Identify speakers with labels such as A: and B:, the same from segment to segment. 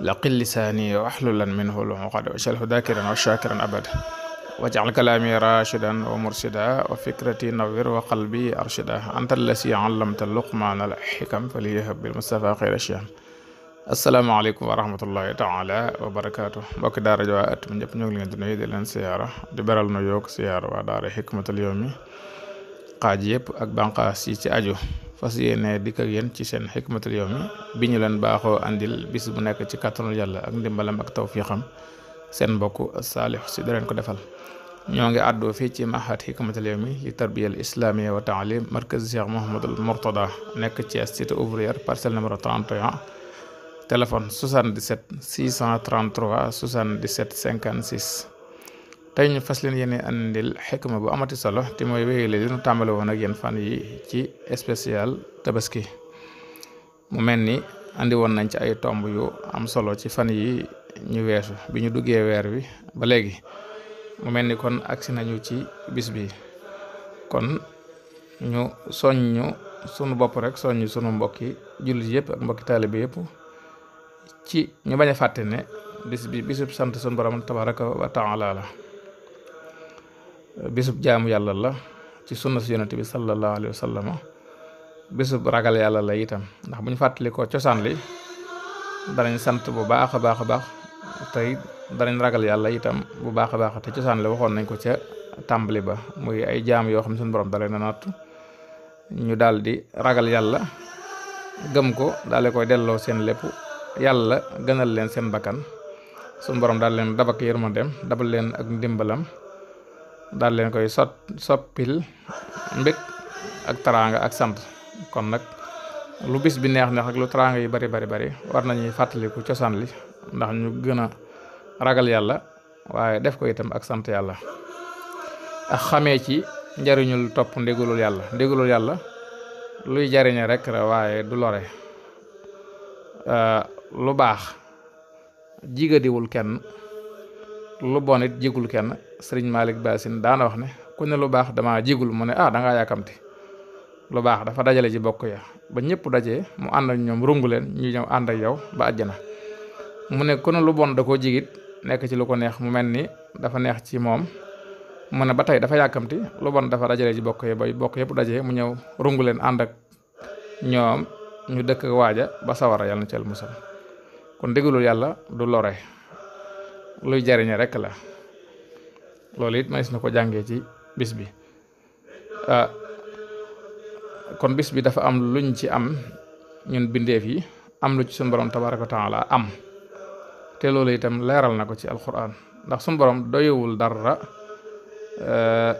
A: laqil lisaani waxlulan minhu lumuqad waj'alhu daakiran wa shaakiran abada waj'al kalaami raashidan wa mursida wa fikrati nawwir wa qalbi arshida anta allasi allamta luqmaana al-xikam falyahab bil mustafa xayra shiyam asalaamaaleykum wa rahmatullahi taala wa barakaatu mbokki daara ji waa at mi ñëpp ñu ngi leen di nuyu di leen siyaara di beral nu yook siyaara waa daara xikmatul yawmi xaaj yëpp ak banqaas yi ci aju fas yéene dikk ak yéen ci seen xikmatul yawmi bi ñu leen baaxoo andil bis bu nekk ci kàttanul yàlla ak ndimbalam ak tawfiixam seen mbokk saalix si dareen ko defal ñoo ngi àddoo fii ci mahad xikmatul yawmi li tarbiyal islamiya wa taalim markaz cheikh mohamadul mourtada nekk ci cité ouvrière parcelle numéro 31 téléphone 77 633 77 56 tey ñu fas leen yéene andil xikma bu amati solo te mooy wéyale li ñu tàmbale woon ak yéen fan yi ci spécial tabaski mu mel ni andi woon nañ ci ay tomb yu am solo ci fan yi ñu weesu bi ñu duggee weer wi ba léegi mu mel ni kon agsi nañu ci bis bi kon ñu soññu sunu bopp rek soññu sunu mbokki jullit yëpp ak mbokki taalibe yëpp ci ñu bañ a fàtte ne bis bi bisub sant sunu borom tabaraka wa taala la bésub jaamu yàlla la ci sunna si yonent bi sallallahu alayhi wa sallam ragal yàlla la itam ndax bu ñu fàttali cosaan li danañ sant bu baax a baax a baax tey danañ ragal yàlla itam bu baax a baax te cosaan li waxoon nañ ko ca tàmbali ba muy ay jaam yoo xam ne suñu borom dalee na nattu ñu daal di ragal yàlla gëm ko daale koy delloo seen lépp yàlla gënal leen seen bakkan suñu borom daal leen dabak yërmandeem dabal leen ak ndimbalam daal leen koy sot soppil mbég ak taraanga ak sant kon nag lu bis bi neex neex ak lu taraanga yi bari bari bari war nañuy fàttaliku cosaan li ndax ñu gën a ragal yàlla waaye def ko itam ak sant yàlla ak xamee ci njariñul topp ndigalul yàlla ndigalul yàlla luy jariñe rek waaye du lore lu baax jigadiwul kenn lu bon it jigul kenn sëriñ Malick Bassine daana wax ne ku ne lu baax damaa jigul mu ne ah da ngaa yàkkamti lu baax dafa dajale ji bokk ya ba ñëpp dajee mu ànd ak ñoom rungu leen ñu ñëw yow ba àjjana mu ne lu bon da koo jigit nekk ci lu ko neex mu mel ni dafa neex ci moom mu ne ba tey dafa yàkkamti lu bon dafa dajale ci bokk ya ba bokk yépp dajee mu ñëw rungu leen ànd ak ñoom ñu dëkk waaja ba sawara yàlla na ci musal kon déglu yàlla du lore luy jariñe rekk la loolu it manis na ko jàngee ci bis bi ah, kon bis bi dafa am luñ ci am ñun bindeef yi am lu ci suñu borom tabaraka wa taala am te loolu itam leeral na ko ci alquran ndax suñu borom doyewul dara eh,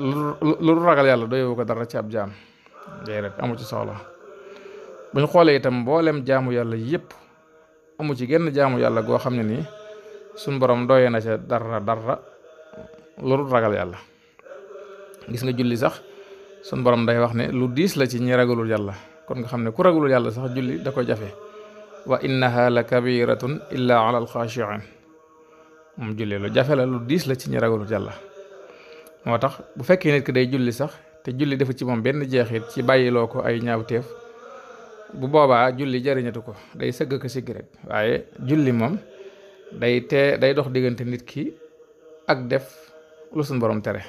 A: eh, lu ragal yàlla doyewu ko dara ci ab jaam déedéet amu ci soxla buñ xoolee itam mbooleem jaamu yàlla yépp amu ci genn jaamu yàlla goo xam ne nii suñ borom doyee na ca dara dara loolu ragal yàlla gis nga julli sax suñ borom day wax ne lu diis la ci ñi ragalul yàlla kon nga xam ne ku ragalul yàlla sax julli da koy jafe wa innaha la kabiratun illa ala alxaashiin moom julli lu jafe la lu diis la ci ñi ragalul yàlla moo tax bu fekkee nit ki day julli sax te julli dafa ci moom benn jeexit ci bàyyiloo ko ay ñaawteef bu boobaa julli jariñatu ko day sëgg ko sigg rek waaye julli moom day tee day dox diggante nit ki ak def lu suñ borom tere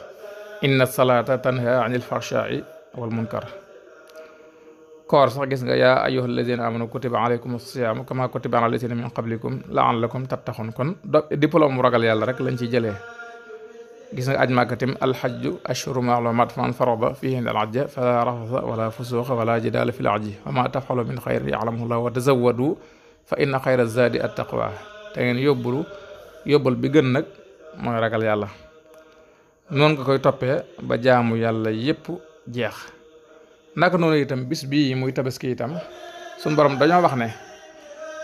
A: inna salaata tanha anil fahshai wal munkar koor sax gis nga yaa ayyuha alladina amanu kutiba alaykum asiyaamu kama kutiba ala alladina min qablikum laallakum tattaxun kon do diplôme ragal yàlla rek lañ ci jëlee gis nga aj màkka tamit alxajju ashhuru maalumaat faman farada fiihi al hajja fala rafasa wala fusuuqa wala jidaala fi l hajji wa ma tafxalu min xayrin yaclamhu llah wa tazawadu fa inna xayra zaadi at taqwa te ngeen yóbbulu yóbbal bi gën nag mooy ragal yàlla noonu koy toppee ba jaamu yàlla yépp jeex naka noonu itam bis bii muy tabaski itam suñu borom dañoo wax ne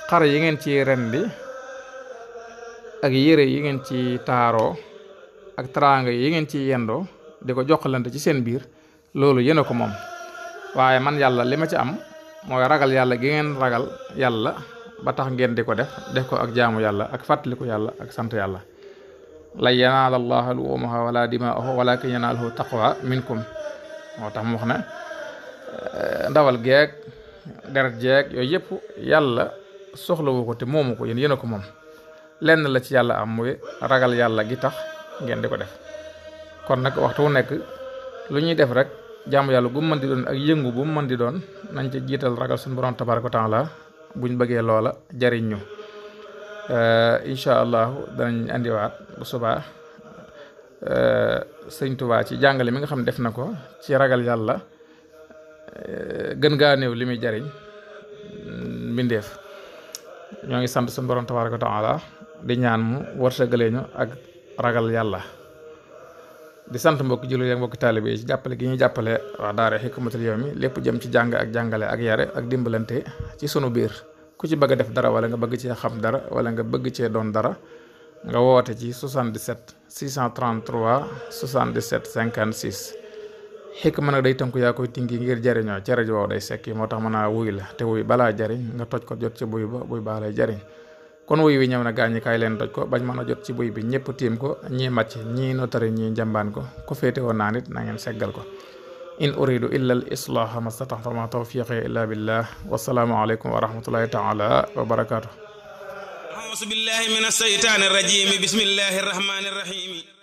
A: xar yi ngeen ci rendi ak yére yi ngeen ci taaroo ak taraanga yi ngeen ci yendoo di ko joxalante ci seen biir loolu yéen ko moom waaye man yàlla li ma ci am mooy ragal yàlla gi ngeen ragal yàlla ba ngeen di ko def def ko ak jaamu yàlla ak fàttaliku yàlla ak sant yàlla lan yanaala allaha luumaha wala dimaahu walakin yanaaluhu moo tax mu wax ne eh, ndawal geeg deret jeeg yëpp yàlla soxlawu te moomu ko yéen ko moom ragal yàlla gi tax ngeen di ko def kon nag waxtu wu nekk lu ñuy def rek jaamu yàlla bu mu mën di doon ak yëngu bu mu mën di doon nañ ci jiital ragal suñu borom tabaraka taala buñ bëggee loola jariñ ñu eh, incha allahu danañ andiwaat bu subaa eh, sëñ Tuubaa ci jàngale mi nga xam ne def na ko ci ragal yàlla eh, gën gaa néew li muy jariñ mm, mbindeef ñoo ngi sant suñu borom tabaraka taala di ñaan mu wërsëgalee ñu ak ragal yàlla di sant mbokki jullit yi ak mbokki taalibe yi ci jàppale gi ñuy jàppale waa daara Hikmatul mi lépp jëm ci jàng ak jàngale ak yare ak dimbalante ci sunu biir ku ci bëgg def dara wala nga bëgg cee xam dara wala nga bëgg cee doon dara nga woote ci 77 633 77 56 xikma nag day tënku yaa koy tingi ngir jariñoo ci rajo waaw day sekki moo tax mën a wuy la te wuy balaa jariñ nga toj ko jot kon wuy wi ñëw na gaañi kaay leen doj ko bañ mën a jot ci buy bi ñëpp tiim ko ñii màcc ñii notari ñii njambaan ko ku féete woon naa nit na ngeen seggal ko in uridu illa al islaha mastata fama tawfiqi illa billah wasalaamu aleykum wa rahmatullahi taala wa barakatuh ausu billahi min asheytani irajimi bismillahi